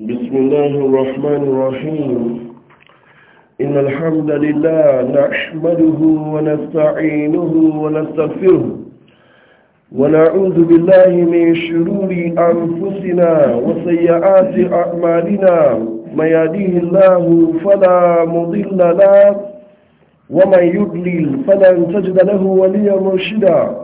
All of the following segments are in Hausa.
بسم الله الرحمن الرحيم إن الحمد لله نحمده ونستعينه ونستغفره ونعوذ بالله من شرور أنفسنا وسيئات أعمالنا ما يديه الله فلا مضل له ومن يضلل فلن تجد له وليا مرشدا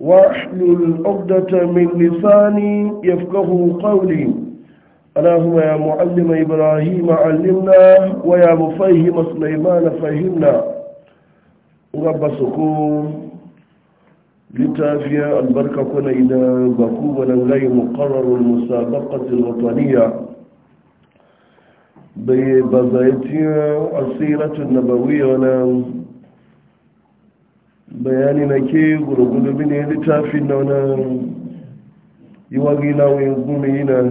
واحلل عقدة من لساني يفقه قولي اللهم يا معلم إبراهيم علمنا ويا مفهم سليمان فهمنا رب سكون لتافيا البركة كنا إذا بكوبنا لنغي مقرر المسابقة الوطنية ببزايتها السيرة النبوية ونام bayani na ke gurgudu bine littafin na wani iwagi na wani gumi yana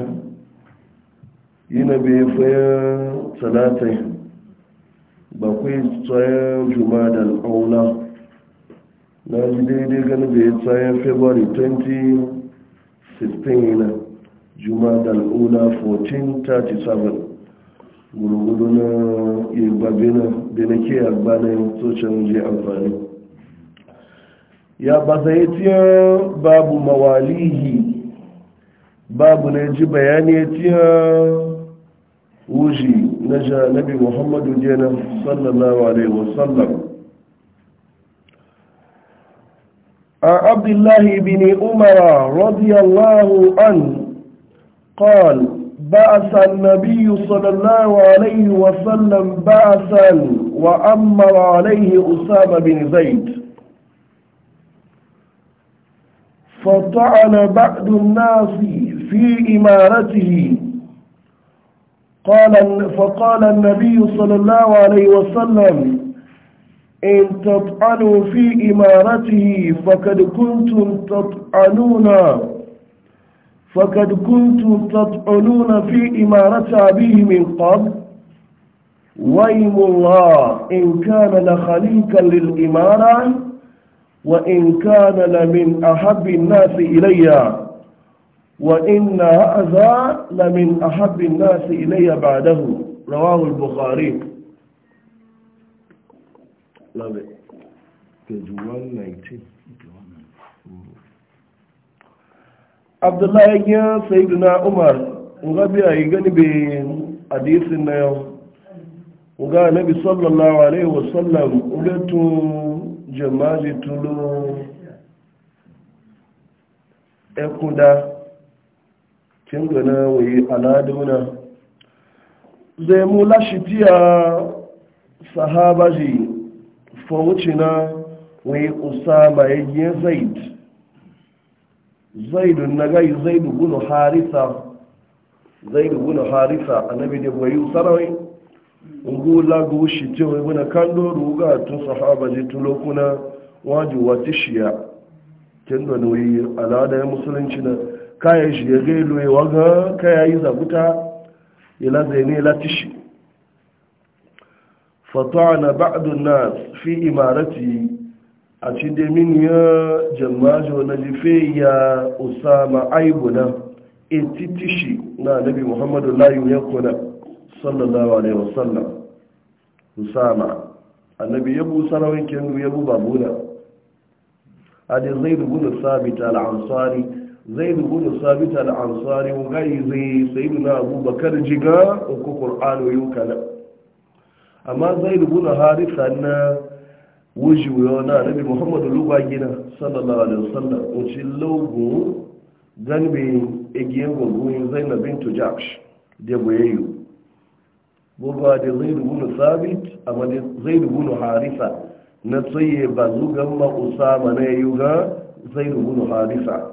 yana bai faya talatai bakwai tsayen jumada al'aula na ji daidai gani bai tsayen february 2016 yana jumada al'aula 1437 gudugudu na igbabina da na ke agbanayin tsohon je amfani ya bazaitiyar babu mawalihi babu na ji bayanitiyar wuji na janabi muhammadu jenan sallallahu alaihi wasallam عن عبد الله بن عمر رضي الله عنه قال بعث النبي صلى الله عليه وسلم بعثا وأمر عليه أسامة بن زيد فطعن بعض الناس في إمارته قال فقال النبي صلى الله عليه وسلم إن تطعنوا في إمارته فقد كنتم تطعنون فقد كنتم تطعنون في إمارة أبيه من قبل ويم الله إن كان لخليكا للإمارة وإن كان لمن أحب الناس إلي وإن هذا لمن أحب الناس إلي بعده رواه البخاري Love it. Page 119. Abdullahi ya Sayyiduna Umar, nga biya yi gani bi hadisin na yau. Nga Nabi sallallahu Alaihi wasallam, nga tun jamaji tulo ekuda kin gana wayi aladuna zai mu lashitiya sahabaji fawucina wayi usama yayi zaid zaid na gai zaidu gunu harisa zaidu gunu harisa annabi da sarawai ugu lagu shi ti kan do ru ga tun sahaba ji tun lokuna waju wati shiya do da nuyi al'ada ya musulunci na kaya shi ya gai loye ga kaya yi zaguta ya lazai ne latishi fata'ana ba'du nas fi imarati a min ya jamajo na jife ya usama aibuna e titishi na nabi muhammadu layu ya kuna sallallahu alaihi wasallam usama annabi yabu sarawin kendu yabu babuna ade zaid ibn sabit al-ansari zaid ibn sabit al-ansari ngai zai sayyidina abubakar jiga ko qur'an yukala amma zaid ibn haritha na wuji na Annabi muhammadu lugwa gina sallallahu alaihi wasallam uci logo ganbe egiyen gogoyin zainab bintu jahsh da boyayyu buga da zai rubunu sabit a wani zai rubunu harisa na tsaye ba zugan ma'usa ma na yayu ga zai rubunu harisa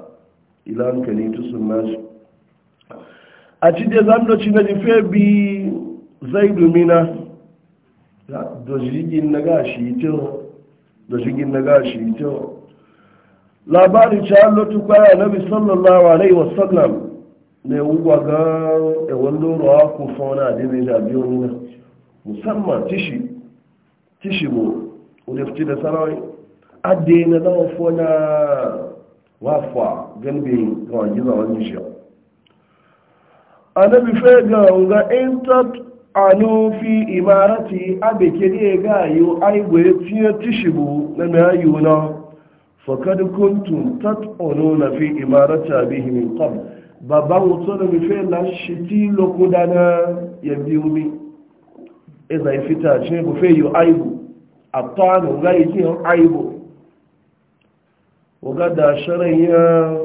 ila hankali tu sun nasu. a ci da zan doci na jife bi zai dumina da jirgin na gashi ito da jirgin na gashi ito labari ci an lotu kwaya nabi sallallahu alaihi wasallam na yawuwa ga yawon dorawa ko fauna da zai na musamman tishi tishi mu wadda fice da sarawai adde na zama fona wafa ganbe ga wani zawon nishiya annabi fai ga wunga intact anu fi imarati abe kere ga yi aigwe fiye tishi na mai ayu na fakad kuntum tat'ununa fi imarati abihi min babban wuto e da mafi lashiti lokuda na ya biyu mi iza fita shi mafi yi aibu a tanu ga yi yin aibu waga da shirin ya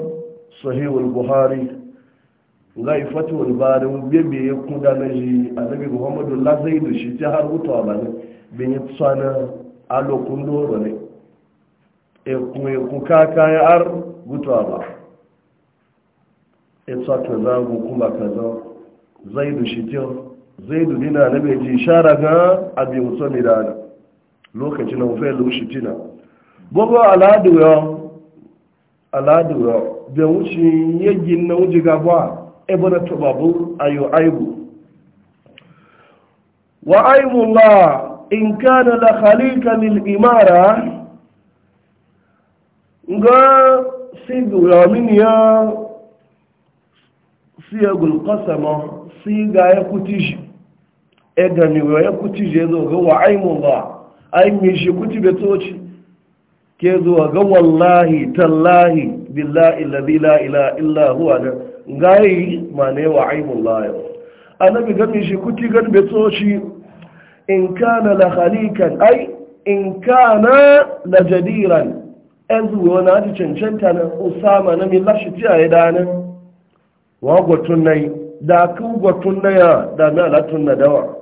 sahihul buhari ga yi fatuwar barin bebe ya kuda na ji annabi muhammadu lazai da shi ta har wuta ba ne bin yi tsana a lokun doro ne ekun ekun kaka ya har wuta ba ita kaza hukuma kaza zaidu shikyo zaidu dina na bai ji ishara ga abin musa ne da lokaci na ofe lushi tina gbogbo aladu yau aladu yau da wuce yaggin na wuce gaba ebe na tubabu ayo aibu wa aibullah in kana la khalika lil imara nga sidu ya min ya siyagul qasama siga ya kutiji e gani wa ya kutije zo ga wa aimullah ai mi shi kutibe toci ke zuwa ga wallahi tallahi billahi alladhi la ilaha illa huwa da ngai mane wa aimullah ya annabi ga shi kuti gan be toci in kana la halikan ai in kana la jadiran azu wa na cancanta na usama na mi lashi tiya ya danan wa gwatun nai da kan gwatun naya da na latun na dawa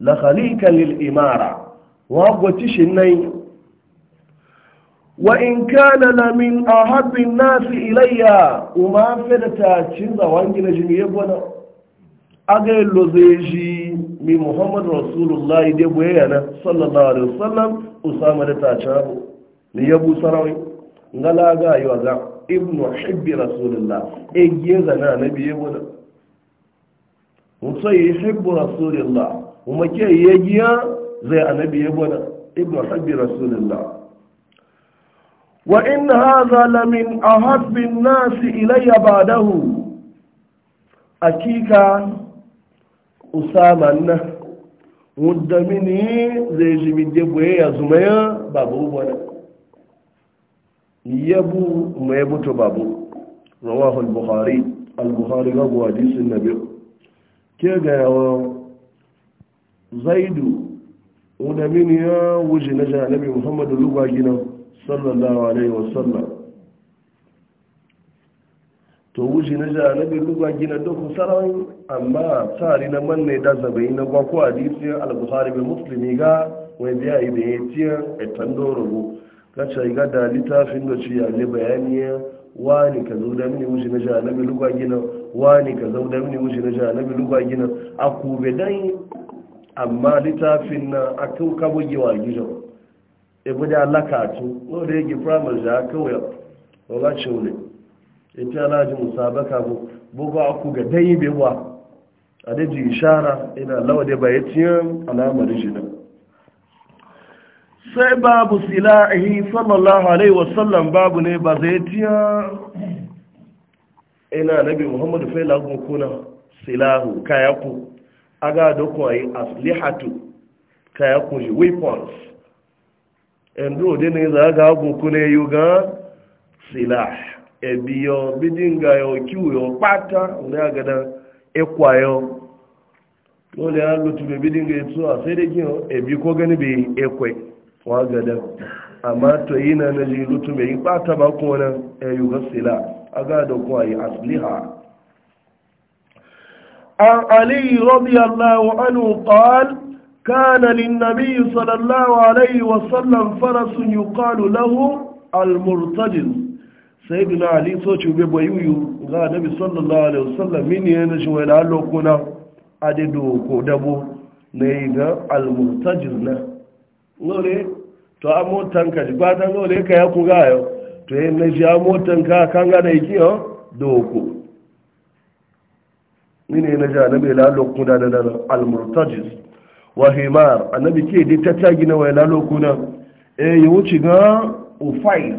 la khalika lil imara wa gwati shin nai wa in kana la min ahabbi an-nas ilayya uma fadata cin zawangi na jimi yebona aga lozeji mi muhammad rasulullahi de boyana sallallahu alaihi wasallam usama da ta chabu ni yabu sarawi ngala ga yi wa ibnu hibbi rasulillah egiye zana na biye wani mutu yi hibbu rasulillah kuma ke yi giya zai annabi ya wani ibnu hibbi rasulillah wa in haza lamin a hasbin nasi ilayya ba dahu akika usaman na mudda mini zai jimi debo ya zuma ya babu wani yabu mai mutu babu rawahu al-bukhari al-bukhari rabu hadisin nabi ke ga yawa zaidu wanda min ya wuce na janabi muhammadu lugwa gina sallallahu alaihi wasallam to wuce na janabi lugwa gina duk sarawai amma tsari na manne da zabai na gwakwa hadisi al-bukhari bai muslimi ga wai biya idan ya tiyan etan doro kacha iga da littafin da ci ya le bayaniya wani ka zo da mini wuce na ja nabi lugwa gina wani ka zo da mini wuce na ja nabi lugwa gina a kube dai amma litafin na a kan kabo giwa gizo e alaka tu no da yake primary ja kawai wala e cewa ita alaji musabaka bu bugu a aku ga dai bewa a ji ishara ina lawa da bayatiyan alamar jinan sai babu silahi sallallahu alaihi wasallam babu ne ba zai tiya ina nabi muhammadu fai lagun kuna silahu kayaku aga da kuwa yi aslihatu kayaku yi weapons endo de ne za ga agun kuna yi ga silah ebiyo bidinga yo kiwo pata ne aga da ekwayo lóòlẹ̀ alótùbẹ̀ bídínga ètò àfẹ́dẹ́gìn ẹ̀bí kọ́gẹ́ níbi ẹ̀kọ́ ẹ̀ wagadan amma to yi na naji lutu mai yi bata ba kuma nan ya yi gasila a gada kuwa yi asliha an aliyu radiyallahu anhu qal kana linnabi sallallahu alaihi wasallam farasun yuqalu lahu almurtadil sayyidina ali so ci be boyuyu ga nabi sallallahu alaihi wasallam min ne na shi wai da lokuna adedo ko dabo ne ga almurtadil na ngore to a motan ka ji gwatan zo ka ya kuga yau to yi na ji motan ka kan gada yi iki yau doko ni ne na ji annabi lalo kuna da nan almurtajis wa himar annabi ke dai ta tagi na wa lalo kuna eh ya wuce ga ufai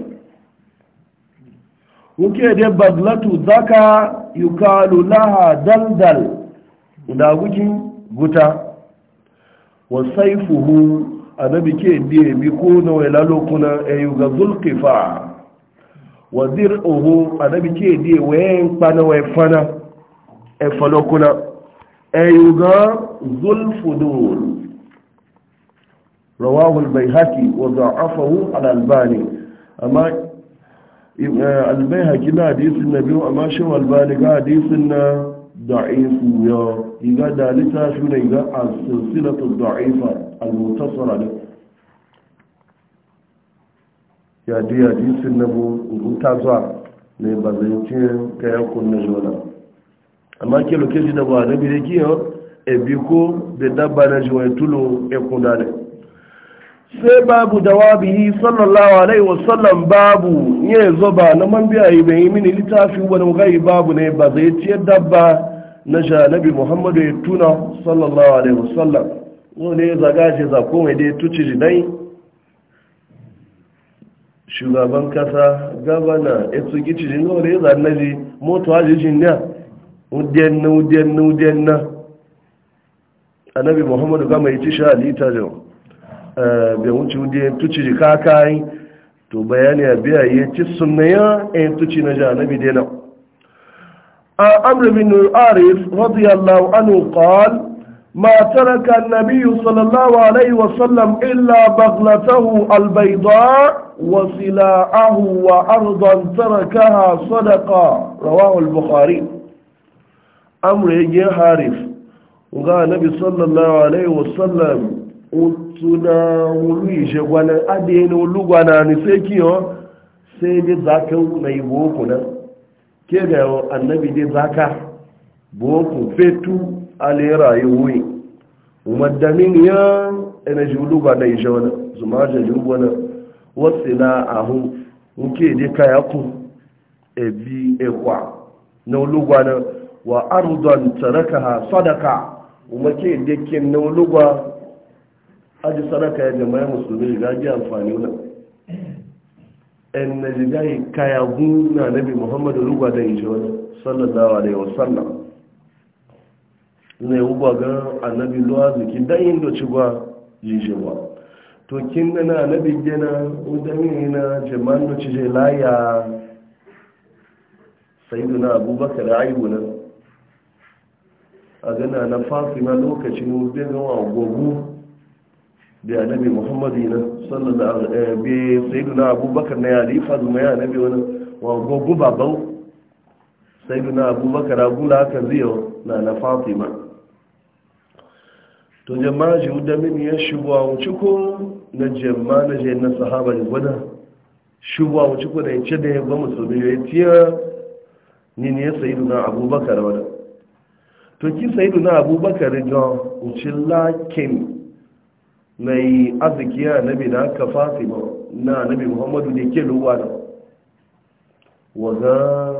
wuke dai baglatu zaka yukalu laha daldal da gukin guta wa saifuhu anabi ke die mi ko na wai lalokuna eyu ga zulkifa wa dir'uhu annabi ke diye wayan na wai fana e falokuna eyu ga zulfudur rawahu al-baihaqi wa da'afahu al-albani amma al-baihaqi na hadisin nabi amma shawal al-albani ga hadisin na ضعيف يا إذا da littafi na iga a silsilatu da'ifa al-mutasara ne ya ji ya ji كي يكون rubuta zuwa ne ba zai ce ka yankun na jona ke da ba na ko jiwa ya tulo ya kuna sai babu dawabihi sallallahu alaihi wasallam babu ne zoba na yi mini wani babu ne ba dabba na janabi muhammadu ya tuna sallallahu alaihi wasallam ne shi za kome da ya tuci jinai shugaban kasa gabana ya gici jin gawa da ya zane ji moto haji jin ya udiyan na udiyan a nabi muhammadu gama ya ci sha alita da eh, bai wuce udiyan tuci ji kakayi to bayani a biya ya ci sunna ya yan tuci na ji annabi dai na أمر بن عارف رضي الله عنه قال ما ترك النبي صلى الله عليه وسلم إلا بغلته البيضاء وسلاعه وأرضا تركها صدقة رواه البخاري أمر يجي حارف وقال النبي صلى الله عليه وسلم أتنا wuri وانا أدين wulu gwana ni sai kiyo ke da yawon annabi dai zaka buwanku fetu wuyi maddamin yan ina juluba na ishe wani zuma da wani wasu na ahu nke dai kaya ku ebi ekwa na olugwa na wa ardon taraka ha sadaka kuma ke dai kin na olugwa aji sadaka ya jama'a musulmi ga ji amfani wani en na jigayi kaya guna nabi muhammadu rugwa da ijo wani sallallahu alaihi wasallam ne ugwa ga annabi luwa zuki dan indo ci gwa jijewa to na na annabi gena udami na jaman no ci je laya sayyiduna abubakar aibuna a gana na fatima lokacin ubin wa gogu da annabi muhammadu na sallallahu alaihi eh, abubakar na yari fazuma ya nabi wani wa gogu babau sayyidina abubakar agula ka ziyo na na fatima to jama'a ji da min ya shubuwa wuce ko na jama'a na je na sahaba ne gwada shubuwa wuce ko da ya ce da ya ba musulmi ya tiya ni ne sayyidina abubakar wani to ki sayyidina abubakar ga wuce lakin Mai yi arzikiya nabi da aka fasi ba na nabi muhammadu da ke ruwa da waga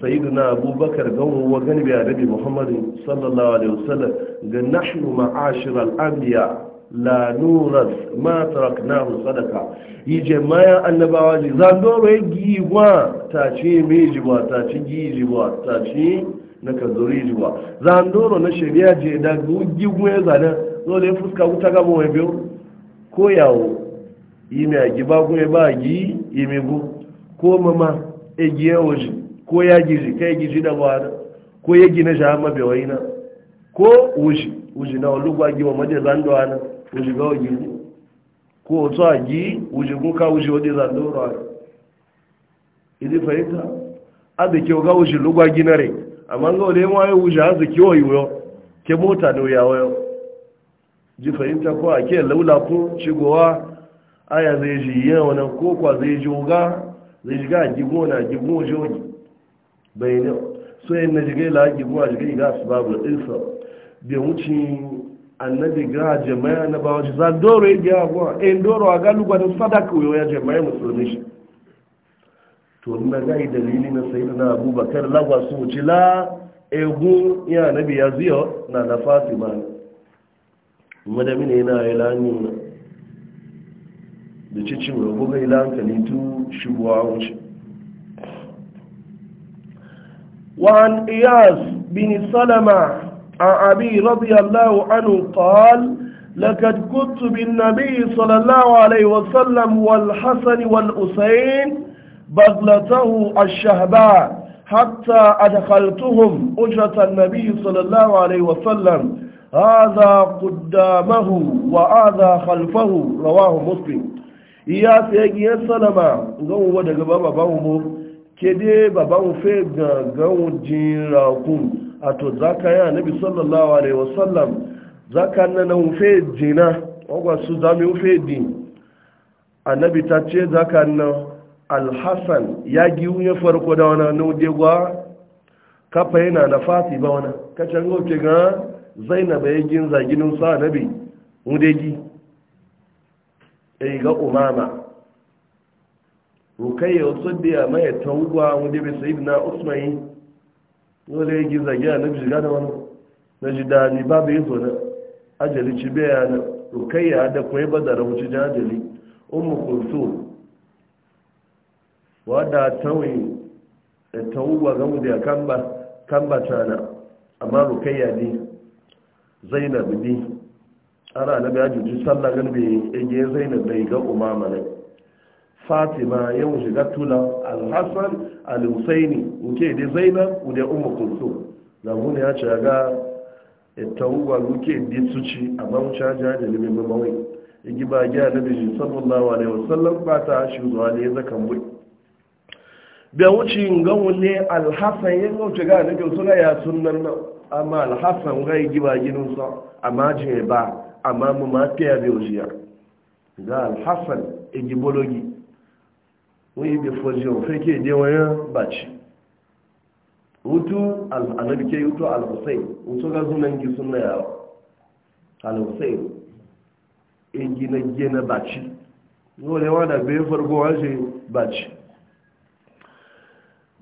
sayidu na abubakar gawon wagan biya nabi muhammadu sallallahu alaihi wasallam ga nashiru ma'ashir al'adiyya la nuras ma taraknahu sadaka yi jama'a annabawa ji zandoro yi giwa ta ce mejiwa ta ci giwa ta ce na ka zuri juwa zandoro na sheria je da gugi gweza na dole fuska wuta ga mu biyo ko yawo yi ajiba agi ba gwe ba gi bu ko mama e gi ji ko ya gi kai gi da wada ko ya gi na jama be waina ko uji uji na olugwa gi wa maje zando ana wuji ga wuji ko to agi wuji kun ka wuji wode zandoro ari ili faita abe ke ga wuji lugwa gi na re amma ga wale ma ya wuce hazu kiwo yiwuyo ke mota ne ya wayo ji fahimta ko a ke laula ko shigowa aya zai ji yin wani ko kwa zai ji oga zai shiga a gigo na gigo joji bai ne so yin na jigai la gigo a jigai ga su babu isa da wuce annabi ga jama'a na bawa ji za doro ya biya kuwa in eh, doro a galuwa da sadaka ya jama'a musulmi shi to na gai dalili na sayi na abubakar lagwa su wuce la egun ya nabi ya ziyo na na fatima madami ne na ilani na da cicin rabu ga ilan kalitu shubuwa wuce وعن إياس بن سلمة عن أبي رضي الله عنه قال لقد كنت بالنبي صلى الله عليه وسلم والحسن والأسين بغلته الشهباء حتى أدخلتهم أجرة النبي صلى الله عليه وسلم هذا قدامه وآذا خلفه رواه مسلم إياس يجي السلام قوم ودق بابا بابا كده بابا فيه قوم جيراكم أتو ذاك يا نبي صلى الله عليه وسلم ذاك أننا وفيه alhassan ya giwu ya farko da wani nude gwa kafa yana na fati ba wani kacin gauke ga zainaba ya gin zaginin sa nabi mudegi ga umama rukayya wasu biya mai tangwa wanda bai sa'id na usmai wanda ya ginza zagiya na jiga da wani na jida ni ba bai zo na ajali ci biya na rukayya da kuma yi badara wuce jajali umu kulsum wadda tawin tawuwa ga mu da kamba kamba tana amma rukayya ne zainab ne ana na biya juji sallah gan bai ege zainab dai ga umama ne fatima ya wuce gattula tula alhassan alhusaini uke da zainab da ummu kulsum na mun ya ce ga tawuwa ruke da suci amma mu ca ja da limin mawai igi ba ga nabi sallallahu alaihi wasallam ba ta shi zuwa ne zakan bai bai wuce gawun ne alhassan yin wuce ga nufin suna ya sunan nan amma alhassan rai giba gininsa amma jini ba amma mu ma fiye bai wuce ga alhassan igibologi wani bai fujiyon fake dewayen baci wutu al'adabike hutu wutu hussein wutu ga sunan gi suna ya al-hussein igina gina baci nolewa da bai farko wajen baci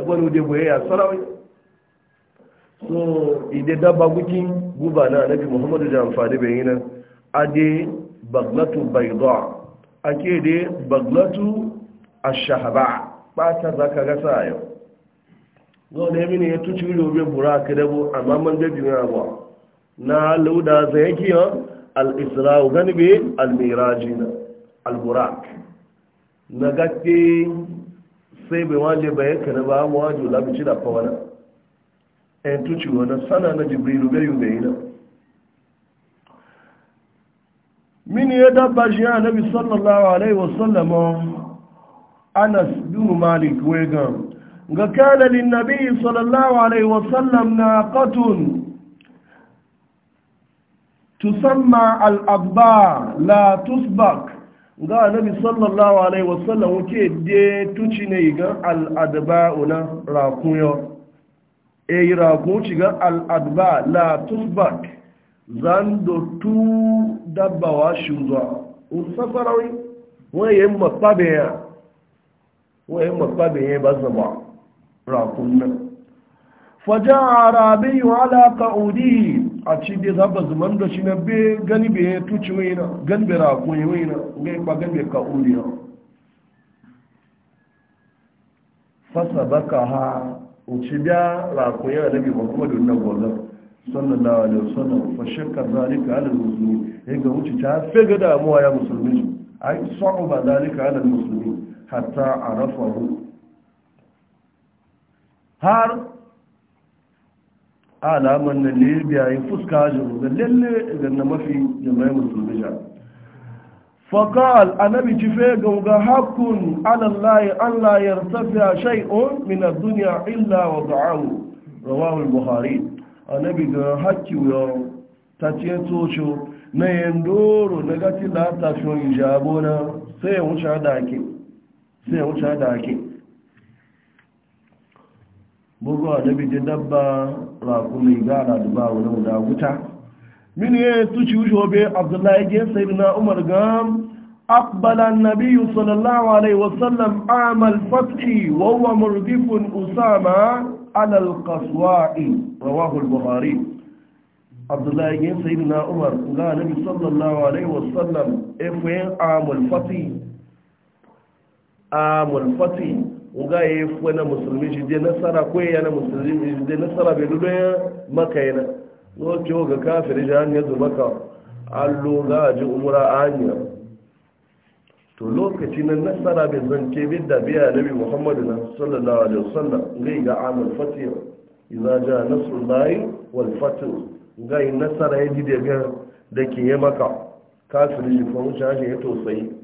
ẹgbọ́n ní ó dé bòye yà wí. so ìdè dábàá gúkí gúbà náà nàbí muhammadu da amfani bai yi nan adé baglatu baidọ́ ake dé baglatu ashahaba ɓata zaka ka gasa a yau zaune mini ya tuci wuri obe bùrọ̀ ka dabo amma man jabi na abuwa na lauda zai yake yawan al-isra'u gani be al-mirajina al-burak na gaske sai bai wale bayan kana ba waje wajo labici da fa wani ɗan tuci wani sana na jibrilu bai yi bai na mini ya dabba shi ya nabi sallallahu alaihi wasallam anas bin malik wegan ga kana lin nabi sallallahu alaihi wasallam na qatun تسمى الأبار لا تسبق ga annabi sallallahu alaihi wasallam wuke de tuci ne ga al'adba una rakuyo e raku ci ga al'adba la tusbak zan do tu dabbawa shuzwa usafarawi waye mafabe ya waye mafabe ya ba zama rakun nan faja arabi ala qaudi a ci dai za ba zama da shi na bai gani bai ya tuci mai na gani be rako ya wai na gai ba gani be ka uri na fasa baka ha uci biya rako ya kuma muhammadu na gwallon sallallahu alaihi wasallam fa shakka zalika ala muslimi ga wuce ta fega damuwa ya musulmi ai sa'uba zalika ala muslimi hatta arafahu har alaman na libya ya fuska jiru da lalle ga na mafi jama'i musulmi ja faƙal annabi ci fe gauga hakun alallahi an la yartafiya shay'un min ad-dunya illa wa da'ahu rawahu al-bukhari annabi ga hakki yo ta ce tocho na yandoro na gati la ta shon jabona sai ya wuce da ake sai ya wuce da ake bugu a nabi da dabba rakumi gara da ba wani da wuta min ye tuci wuce wabe abdullahi gen sai na umar ga akbala nabi sallallahu alaihi wasallam amal fat'i wa huwa murdifun usama ala alqaswa'i rawahu al-bukhari abdullahi je sai na umar ga nabi sallallahu alaihi wasallam efe amal fat'i amal fat'i nga ya yi fuwa na musulmi shi je nasara ko ya na musulmi shi je nasara bai lullu ya maka yana lokacin ga kafin shi an yanzu maka allo za a ji umura a hanyar to lokaci na nasara bai zan ke da biya nabi muhammadu na sallallahu alaihi wasallam ngai ga amal fatih a ja nasrul lahi wal fatih ngai nasara ya ji daga da ke maka kafin shi fa wuce hanyar ya tausayi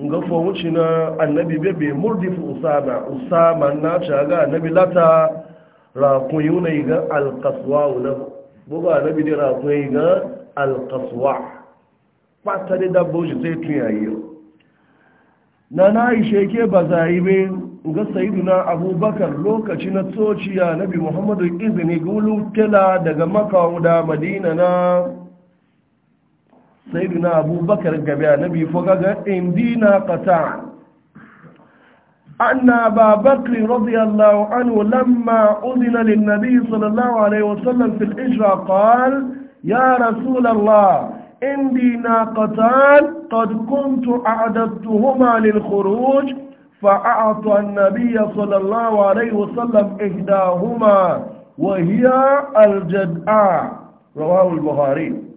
nga fahimci na annabi bebe murdifu usama usama na shaga annabi lata rakun yuna iga alkaswa wuna buga annabi da rakun iga alkaswa fata da dabboji sai tun yayi na na isheke ke ba zai be ga sayyiduna abubakar lokaci na tsociya nabi muhammadu izini gulu tela daga makawu da madina na سيدنا أبو بكر قبيا نبي فقال إن دينا قطع أن أبا بكر رضي الله عنه لما أذن للنبي صلى الله عليه وسلم في الإجرى قال يا رسول الله إن دينا قتال قد كنت أعددتهما للخروج فأعطى النبي صلى الله عليه وسلم إهداهما وهي الجدعاء رواه البخاري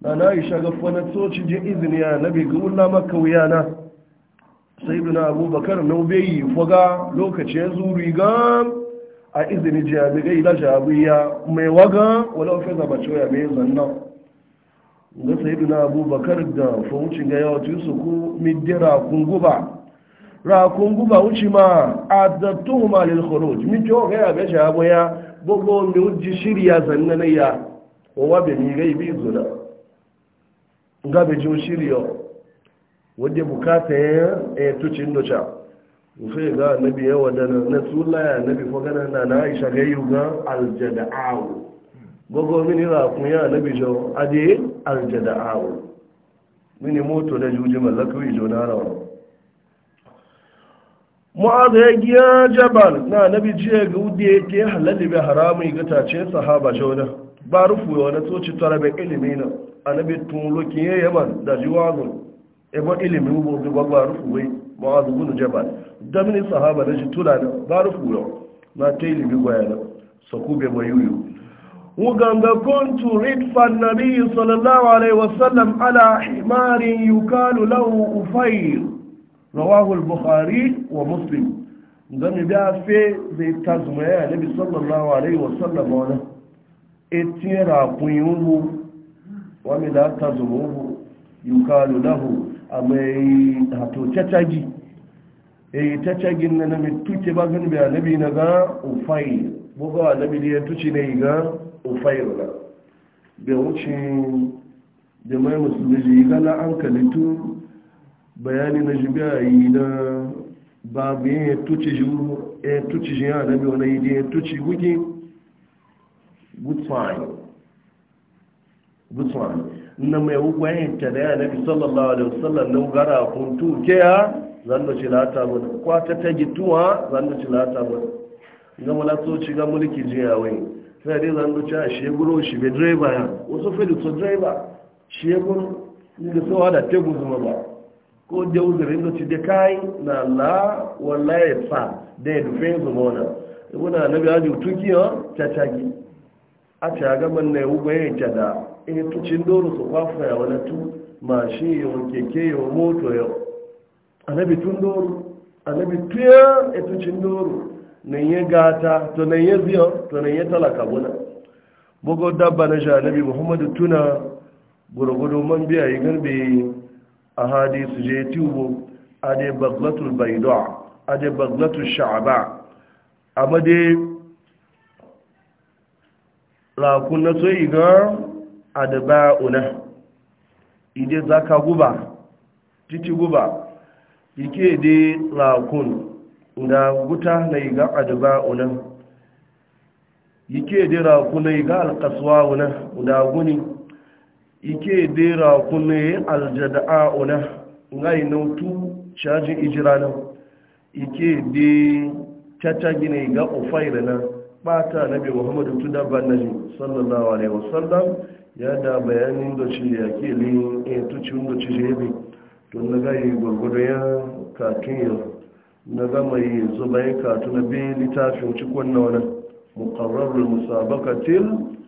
na na isha ga fana tsocin jin izini ya nabi ga wula maka wuya na sai bin abubakar na ubeyi faga lokacin zuri ga a izini jami'ai da jabiya mai waga wala ofe zaba cewa mai zanna ga sai bin abubakar da fahimcin ga yawa su ku midira kunguba ra kunguba wuce ma a dattu ma lil khuruj min to ga ya ga jabiya gbogbo mi wuce shirya zanna ya wa be mi ga ibi zuna nga ngabe jin shiryo wadda bukata ya ya tuci indocha ufe ga nabi ya wadana na tsula ya nabi fogana na na aisha ga yi ga aljada'awu gogo mini ra kun ya nabi jo ade aljada'awu mini moto da juji mallaka yi jo na rawa mu'adha ya giya jabal na nabi jiya ga wude ke halalli bai haramun ga tace sahaba jona ba rufu wani tsoci tara ilimi na anabi tunlo ki ye yaman da e wazun ilimi ilimin gobe gbagba rufuwe ma wazu gunu jabal damini sahaba na ji tuna da ba rufuwa na ta ilimi gwaya na be mai yuyu wuganga kuntu ridfan nabi sallallahu alaihi wasallam ala himarin yukalu lahu ufair rawahu al-bukhari wa muslim zami biya fe zai tazmaya nabi sallallahu alaihi wasallam wani etira rakun yi wani da ta zumuhu yukalu lahu a mai hato cacagi e cacagin na nami tuke ba gani bai anabi na ga ufai buga anabi da ya na yi ga ufai na bai wuce jama'i musulmi ji gala an kalitu bayani na jibi a yi na babu yin ya tuci jiwu ya ji jiya anabi wani yi da ya tuci gugi good time gusman na mai hukwayin ta da yana fi sallallahu alaihi wasallam na gara kuntu ke ya zanna ci lata mana kwata ta gituwa zanna ci lata mana ga mulato ci ga mulki jiya wai sai dai zanna ci a sheguro shi be driver ya wasu fedi so driver sheguro inda sawa da tegu zuma ba ko da uzurin da ci da kai na la wallahi fa da ya dufe zuma wannan ibuna nabi aji tukiya ta tagi a ta ga man ne hukwayin ta da e tucin doro su kwafa ya wani tu mashi yau keke yau moto yau anabi tun doro anabi tuya e tucin doro na ya gata to na ya ziyan to na ya talaka guna bugu dabba na shi anabi muhammadu tuna gurgudu man biya yi garbe a hadi su je tubo a dai baglatul baidoa a dai baglatul sha'aba a madai rakun na so igan adba'una ide zaka guba titi guba yake de lakun da guta na ga adba'una yake de lakun na ga alqaswauna Da guni yake de na ne aljada'una ngai nautu shaji ijirana yake de tata gina ga ufairana bata nabi muhammadu tudabban naji sallallahu alaihi wasallam ya da bayanin da shi ya ke lin a tucin da ci jebe to na ga yi gwagwado ya katun ya na ga mai zuba ya katun na biyu littafin cikon na wani mukarrarul musabakatil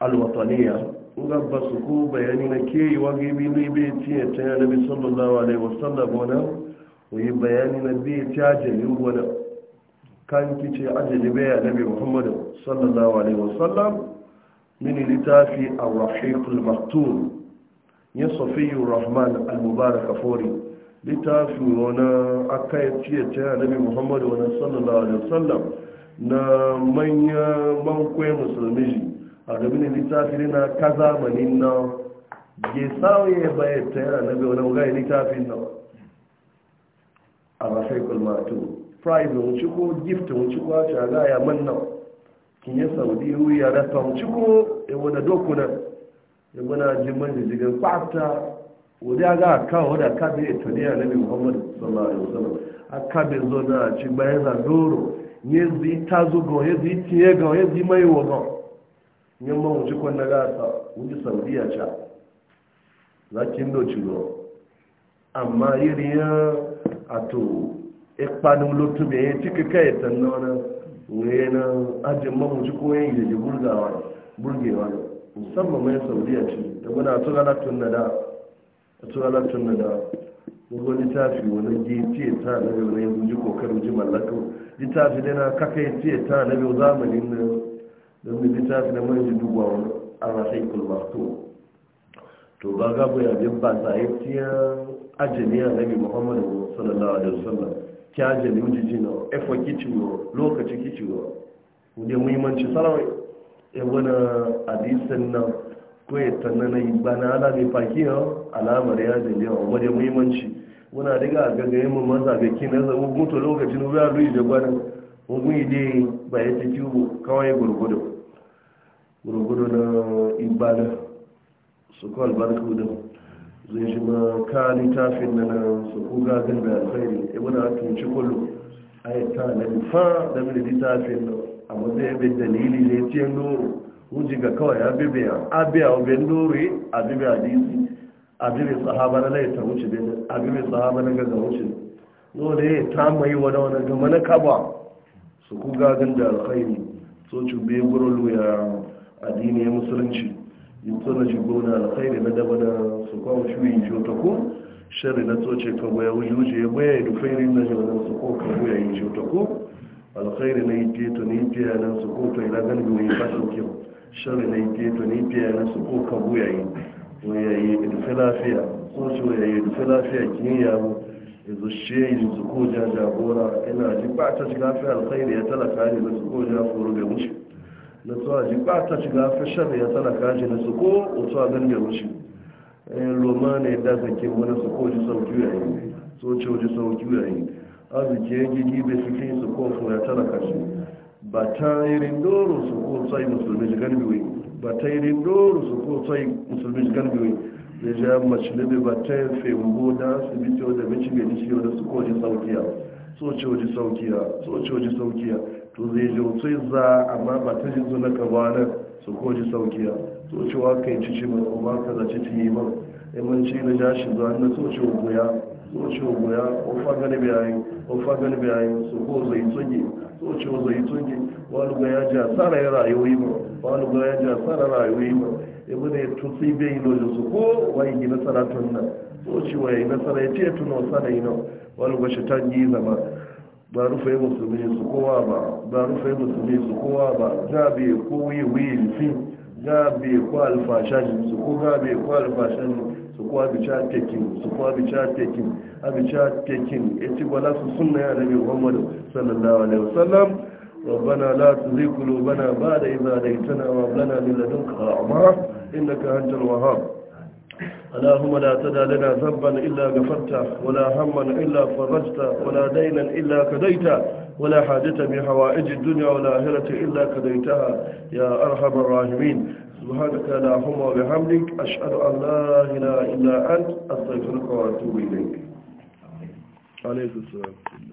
alwataniya ga ba su ku bayani na ke yi wa gibi ne bai tiye ta yana bi da alaihi wasallam wani wani bayani na bai ta jalin wani kan kice ajali bai nabi muhammadu sallallahu alaihi wasallam mini littafi a rahikul maktum ya safiyu rahman al-mubarak afori littafi wani aka yi fiye ta nabi muhammadu wani sallallahu alaihi wasallam na manyan bankwai musulmi a domin littafi na ka zamanin na ya sauye bayan ta yana nabi wani wugayen littafin na a rahikul maktum prize ko gift wuce ko a ta gaya man nan kinye saudi wuya da tamciko ewu da dokuna ewu na jimman jijigin kwata wuri a ga aka wadda aka bi etoni a nabi muhammad sallallahu alaihi wasallam aka bi zo na ci bayan zadoro nye zi ta zugo ya zi tiye ga ya zi mai wa gan nye man wuce kwan na gasa wuce saudi ya ca za ki ndo ci go amma yiri ya ato ikpanin e lotu bai e ya cika kai tanna wani wani na ajin mamuci ko yin yaji burgawa burgewa musamman mai saudiya ce da muna na da turalattun na da wato littafi wani gece ta na biyu na yanzu ji kokarin ji mallaka littafi dai na kaka ya ce ta na biyu zamanin na don da littafi na mai duba wani a rasai kulmato to ba gabu ya bin ba sa yi tiyan ajiyar nabi muhammadu sallallahu alaihi wasallam kyaje ne mujiji efo kiciwo lokaci kiciwo da muhimmanci sarawai ya eh, wani adisan nan ko ya ba na yi bana ala mai faki yau alamar ya da yawa wajen muhimmanci muna daga a mu maza ga kin na zama mutu lokacin ruwa ruwa da gwanin hukun ide ba ya ci kawai gurgudu gurgudu na ibada su ko albarka mu zai ji ma ka tafin na nan su kuga gan da alkhairi ibn hakim ci kullu yi ta na fa da bi tafin na amma zai bi dalili ne ce nuru wuji ga kawai ya bibe ya abi a bin nuri a bibe hadisi a bibe sahaba na laita wuce bin a bibe sahaba na gaza wuce dole ta mai wani wani gama na kaba su kuga gan da alfairi so cube gurulu ya addini ya musulunci yinto na shigo na alkhairi na daba da su kawo shuyin ji wata ko shari na toce ka baya wujuje ya baya ya na ji wadda su ko ka baya yi ji wata alkhairi na yi fiye to ni fiye na su ko ka ila gani wani fashin kyau shari na yi fiye to ni fiye na su ko ka baya yi waya yi dufe lafiya ko ce waya yi dufe lafiya kin yabo yanzu shi ya yi su ko ja jagora ina ji ba ta shiga fi alkhairi ya talaka ne na su ko ja foro bai wuce da tsawaji ba ta shiga fashar ya talaka ji na su ko otu abin da rushe eh, roma ne da zake wani su ko ji sauki yi so ce waje sauki yayi arziki ya gigi bai su fi su ko su ya talaka shi ba ta yi rindoro su ko tsayi musulmi ji biyu ba ta yi rindoro su ko tsayi musulmi ji biyu da ja mace ne ba ta yi fembo da asibiti da mace ne ji shi wadda su ko ji ya so ce sauki ya so ce sauki ya to zai ji wasu za amma ba ta ji na ka su ko ji saukiya so cewa kai ci ci ba kuma ka zaci ci ci ba yamanci na ja shi zuwa na so ce goya so ce goya o fa gani bayan o fa gani bayan su ko zai tsoge so ce zai tsoge wani ga ya ja tsara rayuwa ba wani ga ya ja tsara rayuwa ba yabu ne tutsi bai yi lojin su ko wani gina saratun nan so ce wa yi nasara ya ce tuno sana yi nan wani ga shi ta yi zama ba rufe musulmi su kowa ba ba rufe musulmi su kowa ba gabe ko wiwi fin gabe ko alfashani su ko gabe ko alfashani su ko abica tekin su ko abica tekin abica tekin ya ci wala su sunna ya nabi muhammadu sallallahu alaihi wasallam ربنا لا تزغ قلوبنا بعد إذ هديتنا وهب لنا من لدنك رحمة إنك أنت الوهاب اللهم لا تدع لنا ذنبا إلا غفرته ولا هما إلا فرجته ولا دينا إلا كديته ولا حاجة من حوائج الدنيا والآخرة إلا كديتها يا أرحم الراحمين سبحانك اللهم وبحمدك أشهد أن لا إله إلا أنت أستغفرك وأتوب إليك عليكم السلام